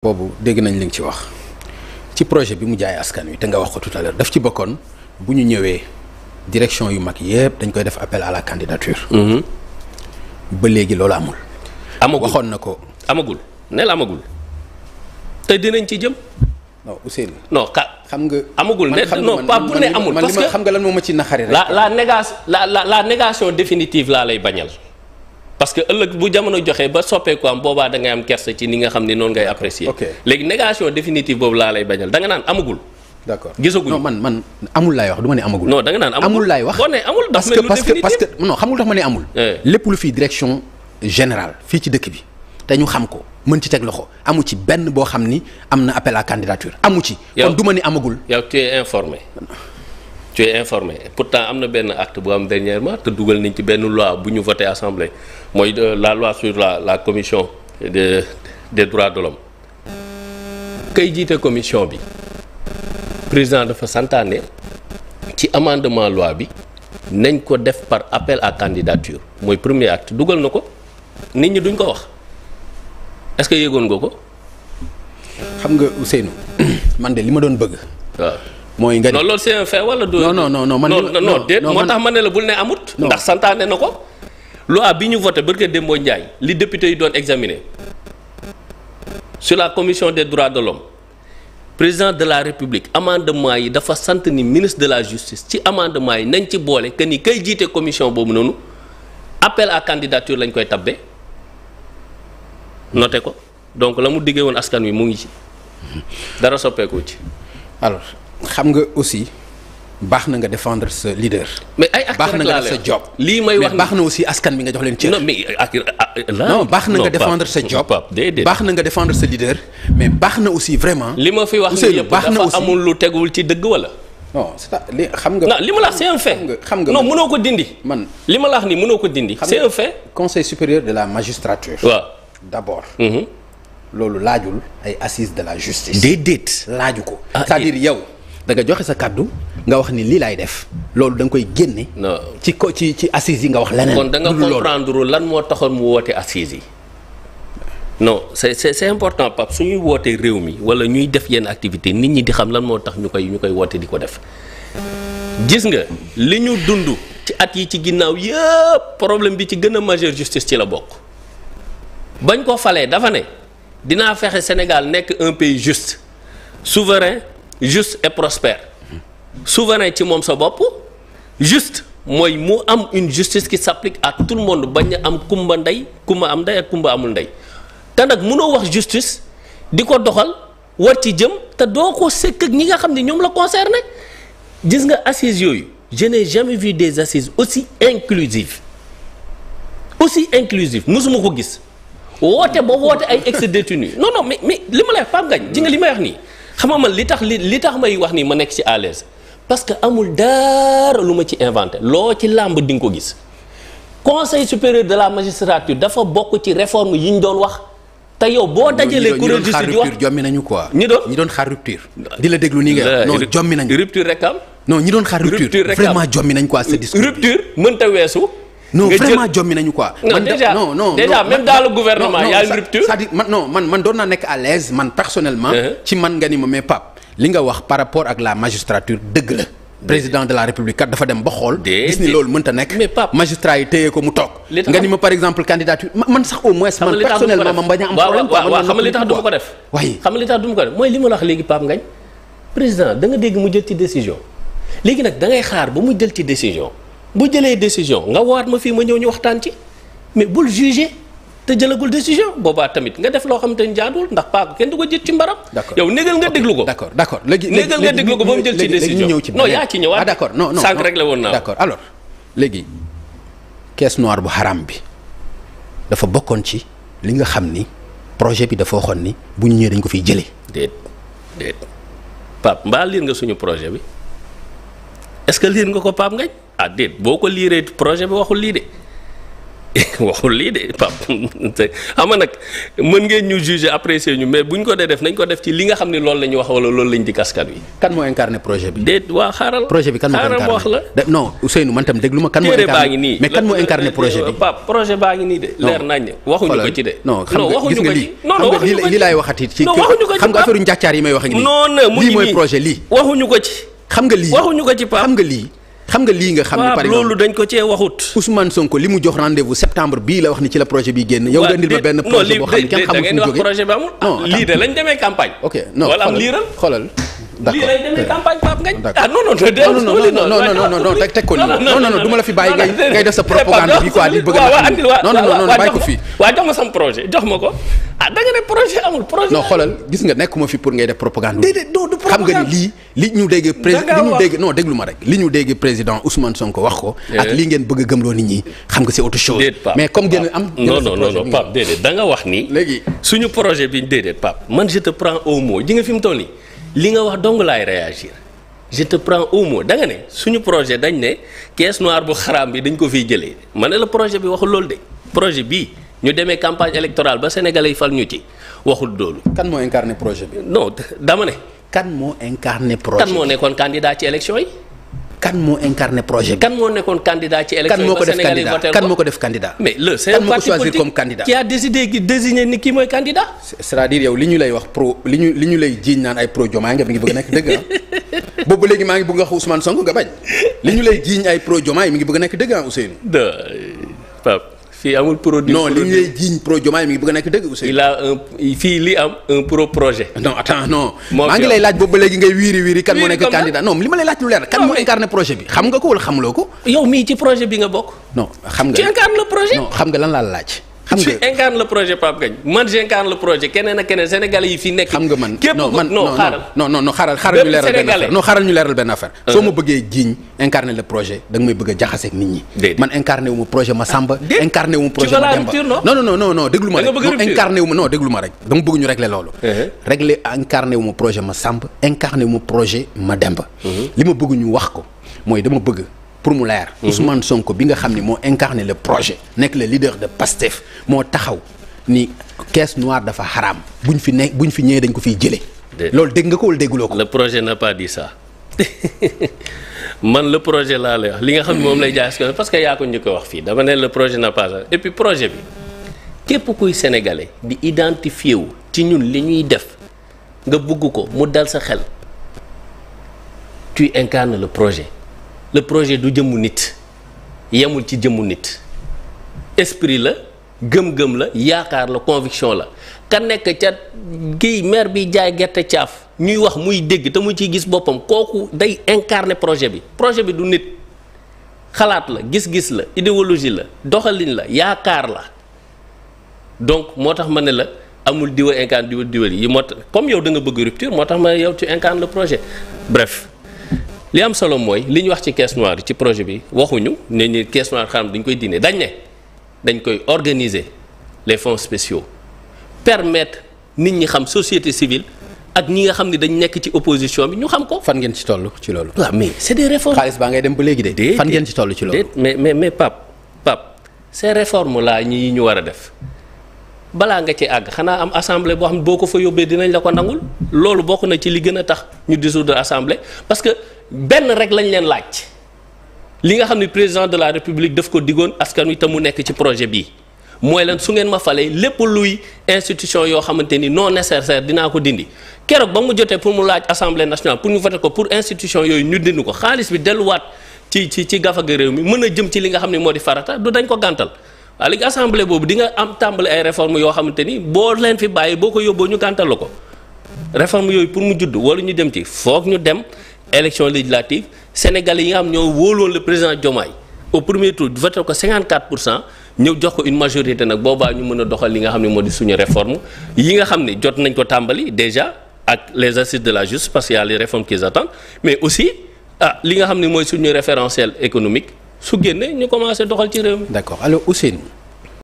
boobu dégg nañ li nga ci wax ci projet bi mu jaay askan wi te nga wax ko tout à l'heure ci bokkoon bu ñu ñëwee direction yu mag yëpp dañ koy def appel à la candidature. Mhm. ba léegi loolu amul. amagul waxoon na ko. amagul neel amagul te dinañ ci jëm. non Ousseynou. non ka xam nga. amagul ne non pas pour ne amul. parce que man li ma xam nga lan moo ma ci naxari rek. la la négation la la négation définitive laa lay bañal. parce que ëllëg bu jamono joxee ba soppeeku am boobaa da ngay am kersa ci ni nga xam ne noonu ngay apprécier. ok léegi négation définitive boobu laa lay bañal da nga naan amagul. d' accord gisaguñu non ne amagul. non da nga amul amul wax. boo nee amul daf que parce que non xamul tax ma ne amul. Eh. lépp lu fii direction général fii ci dëkk bi te ñu xam ko mën ci teg loxo amu ci benn boo xam ni am na appel à candidature amu ci. kon du ma ne amagul. yow tu es tu es informé pourtant am na benn act bu am dernièrement te dugal nañ ci benn loi bu ñu voté assemblée mooy la loi sur la la commission de des droits de l'homme kay jiite commission bi président dafa santaane ci amendement loi bi nañ ko def par appel à candidature mooy premier acte dugal na ko nit ñi duñ ko wax est-ce que yëgoon nga ko. xam nga Ousseynou man de li ma doon bëgg. waaw. mooy nga. non loolu c'est un fait wala. non non non non man non déet moo tax ma ne la bul ne amut. ndax santaane na ko. loi bi ñu voté barke Dembo Ndiaye li député yi doon examiner sur la commission des droits de l'homme président de la république amendement yi dafa sant ni ministre de la justice ci amendement yi nañ ci boole que ni kay jiite commission boobu noonu appel à candidature lañ koy tabbee noté ko donc la mu diggee woon askan wi mu ngi ci dara soppeeku ci alors. xam nga aussi baax na nga défendre sa leader. mais ay acteurs baax na nga def sa job. lii may wax mais baax na aussi askan bi nga jox leen cër. non euh, euh, ah, euh, na nga défendre sa job baax na nga défendre sa leader. mais baax na aussi vraiment. li ma fi wax nii yëpp dafa amul lu tegul ci dëgg wala. non c'est ça li xam nga. non li ma la wax c'est un xam nga non mënoo ko dindi. man li ma la wax mënoo ko dindi. c'est un fait. conseil supérieur de la magistrature. waaw d'abord. Mhm. loolu laajul ay assises de la justice. déedéet laaju ko. Ah, c'est-à-dire yow. da nga joxe sa kàddu nga wax ni lii laay def loolu da nga koy génne. ci ko ci ci yi nga wax leneen. danga da nga comprendre lan moo taxoon mu woote assises yi. non c'est c'est important Pape su ñuy wootee réew mi wala ñuy def yenn activité nit ñi di xam lan moo tax ñu koy ñu koy woote di ko def gis nga li ñu dund ci at yi ci ginnaaw yëpp problème bi ci gën a majeur justice ci la bokk bañ ko falee dafa ne dinaa fexe Sénégal nekk un pays juste souverain juste et prospère souverain ci moom sa bopp juste mooy mu am une justice qui s'applique à tout le monde bañ a am kumba ndey kumba am ndey ak kumba amul ndey te nag mënoo wax justice di ko doxal war ci jëm te doo ko sëkk ak ñi nga xam ne ñoom la concerné gis nga assises yooyu je n'ai jamais vu des assises aussi inclusives aussi inclusives musuma ko gis woote ba woote ay ex-détenus non non mais mais li ma lay Pape Ngagne ji nga li may wax nii xam nga man li tax li li tax may wax nii ma nekk ci à l'aise parce que amul dara lu ma ci inventé loo ci làmb di nga ko gis conseil supérieur de la magistrature dafa bokk ci réforme yi ñu doon wax te yow boo dajalee kuréel justice di wax jommi nañu quoi ñi doon ñi doon xaar rupture di la déglu ni nga non jommi nañu rupture rek am non ñi doon xaar rupture vraiment jommi nañ quoi ce discours rupture mënta weesu no vraiment jommi nañu quoi. non déjà non non déjà même dans le gouvernement y a une rupture. cest man doon naa nekk à l'aise man personnellement. Uh-huh. ci man nga ni ma mais Pape li nga wax par rapport ak la magistrature dëgg la. président de la république kat dafa dem ba xool. gis ni loolu mënta nekk. mais Pape magistrat yi téye mu toog. nga ni ma par exemple candidature man sax au moins. man personnellement ma bañ a am problème. waaw waaw xam nga li tax du ma ko def. waaye xam nga li tax du ma ko def mooy li ma la wax léegi Pape Ngagne président da nga dégg mu jël ci décision léegi nag da ngay xaar ba mu jël ci décision bu jëlee décision nga waat ma fii ma ñëw ñu waxtaan ci mais bul juger te jëlagul décision boobaa tamit nga def loo xamante ni jaaduwul ndax paako kenn du ko jët ci mbaram. yow négal nga déglu ko. d' accord d' accord léegi négal nga déglu ko ba mu jël ci décision non yaa ci ñëwaat. ah d' accord non non sànq rek la woon naa. d' accord alors léegi noire bu xaram bi dafa bokkoon ci li nga xam ni projet bi dafa waxoon ni bu ñu ñëw dañ ko fiy jëlee. déet déet Pape mbaa liir nga suñu projet bi. est-ce que liir nga ko Pape Ngagne ah déet boo ko liiree projet bi waxul lii de waxul lii de Pape xam nga nag mën ngeen ñu juger apprécier ñu mais bu ñu ko dee def nañ ko def ci li nga xam ne lool la ñu wax wala loolu lañ di kaskan wi. kan moo incarné projet bi. déet waa xaaral. projet bi kan moo incarné la. non Ousseynou man tam déglu ma kan ngi nii mais kan moo incarné projet bi. Pape projet baa ngi nii de. leer nañ waxuñu ko ci de. non gis nga lii non waxuñu ko ci non waxuñu ko ci. xam nga affaire njàccaar yi may wax ak lii. non lii mooy projet lii waxuñu ko ci xam nga lii waxuñu ko ci Pape xam nga lii. xam nga lii nga xam ne par exemple loolu dañ ko cee waxut. Ousmane Sonko li mu jox rendez-vous septembre bii la wax ni ci la projet bi génn. yow nga indil ma benn projet boo xam ne kenn xamul fu mu jógee projet bi amul. non ah, lii de lañ demee campagne. ok non wala am liiral xoolal. d'accord lii lañ demee campagne Pape Ngagne. ah non non non non non non non teg ko nii non non non du ma la fi bàyyi ngay ngay def sa propagande bi quoi li bëgg na. waaw waaw waaw waaw waaw jox ma sama projet jox ma ko da nga ne projet amul projet. non xoolal gis nga nekkuma fi pour ngay def propagande. déedéet doo du propagande xam nga ni lii li ñu dégg. président li ñu dégg non déglu ma rek. li ñu dégg président Ousmane Sonko wax ko. Eh. ak lii ngeen bëgg a gëmloo nit ñi xam nga c'est autre chose. mais comme génn am. non non non Pape déedéet da nga wax ni. léegi suñu projet bi déedéet Pape man je te prends au mot ji nga fi mu toll nii li nga wax dong laay réagir. je te prends au mot da nga ne suñu projet dañ ne caisse noire bu xaraam bi dañ ko fiy jëlee ma ne la projet bi waxul loolu de projet bii ñu demee campagne électorale ba sénégalais yi fal ñu ci waxul doolu kan moo incarné projet bi. non dama ne. kan moo incarné projet kan moo nekkoon candidat ci élection yi. kan moo incarné projet bi. kan moo nekkoon candidat ci élection yi ba Sénégal kan moo ko def candidat mais le c'est un parti politique comme candidat qui a décidé qui désigné ni kii mooy candidat. c'est-à-dire yow wax pro li ñu li ñu pro Diomaye nga bëgg a nekk dëgg ah boobu léegi maa ngi bëgg a wax Ousmane Sonko nga bañ li ñu lay jiiñ ay pro Diomaye mi ngi bëgg a nekk dëgg ah fii amul produit. non li ñu lay jiiñ pro Diomaye mi ngi bëgg a nekk dëgg. Ousseynou il a fii li am un pro projet. non attends non. maa ngi lay laaj boobu ba léegi ngay wiiri wiiri kan moo nekk candidat non li ma lay laaj lu leer kan moo incarné projet bi xam nga ko wala xamuloo ko. yow mii ci projet bi nga bokk. non xam nga ci xam nga lan laa laaj. xam nga tu incarnes le projet Pape Ngagne man j'incarne le projet keneen ak keneen sénégalais yi fi nekk. xam nga man non man non non non non xaaral xaaral ñu leeral benn affaire non xaaral ñu leeral benn affaire. Euh. soo ma bëggee jiiñ incarner projet da nga may bëgg a jaxase ak nit ñi. man incarné wu ma projet ma Samba. Ah, incarné wu ma projet ma Demba non non non non déglu ma rek. non incarné wu ma non déglu ma rek dama bëgg ñu régler loolu. Uh-huh. régler incarné wu ma projet ma Samba incarné wu ma projet ma Demba. Uh-huh. li ma bëgg ñu wax ko mooy dama bëgg pour mu leer. Mhm. Ousmane Sonko bi nga xam ne moo incarné la projet. nekk le leader de PASTEF moo taxaw ni caisse noire dafa xaraam buñ fi nekk buñ fi ñëwee dañ ko fiy jëlee. loolu dégg nga ko wala dégguloo ko. le projet n'a pas dit man la projet laa lay wax li nga xam ne moom lay jaay askan parce que yaa ko njëkk a wax fii dama ne le projet n'a pas et puis projet bi képp kuy sénégalais di identifié wu ci ñun li ñuy def nga bugg ko mu dal sa xel tu incarnes le projet. le projet du jëmmu nit yemul ci jëmmu nit esprit la gëm-gëm la yaakaar la conviction la ka nekk ca kii maire bi jaay gerte caaf ñuy wax muy dégg te mu ciy gis boppam kooku day incarner projet bi projet bi du nit xalaat la gis-gis la idéologie la doxalin la yaakaar la donc moo tax ma ne la amul diwa incarne diwa diwa yi moo tax comme yow da bëgg rupture moo tax ma yow tu incarnes le projet bref li am solo mooy li ñu wax ci caisse noire ci projet bi waxuñu ne ni caisse noire xaram dañ koy dindi dañ ne dañ koy organiser les fonds spéciaux permettre nit ñi xam société civile ak ñi nga xam ni dañ nekk ci opposition bi ñu xam ko. fan ngeen ci toll ci loolu. waaw mais c'est des réformes. xaalis baa ngay dem ba léegi de. fan ngeen ci toll ci loolu. mais mais mais Pape Pape ces réformes là ñi ñu war a def balaa nga ci àgg xanaa am assemblée boo xam ne boo ko fa yóbbee dinañ la ko nangul loolu bokk na ci li gën a tax ñu dissoudre assemblée parce benn rek lañ leen laaj li nga xam ne président de la république daf ko diggoon askan wi te mu nekk ci projet bii mooy leen su ngeen ma falee lépp luy institution yoo xamante ni non nécessaire dinaa ko dindi keroog ba mu jotee pour mu laaj assemblée nationale pour ñu voté ko pour institution yooyu ñu dindi ko xaalis bi delluwaat ci ci ci gafaga réew mi mën a jëm ci li nga xam ne moo di farata du dañ ko gàntal waa léegi assemblée boobu di nga am tàmbali ay réforme yoo xamante ni boo leen fi bàyyi boo ko yóbboo ñu gàntal ko réforme yooyu pour mu judd wala ñu dem ci foog ñu dem élection législative sénégalais yi nga xam ñoo wóoloon le président Diomaye au premier tour voté ko 54 pour cent ñëw jox ko une majorité nag boobaa ñu mën a doxal li nga xam ne moo di suñu réforme yi nga xam ne jot nañ ko tàmbali déjà ak les assises de la justice parce que a les réformes qu'ils attendent mais aussi ah li nga xam ne mooy suñu référentiel économique su génnee ñu commencé doxal ci réew mi. d'accord alors Ousseynou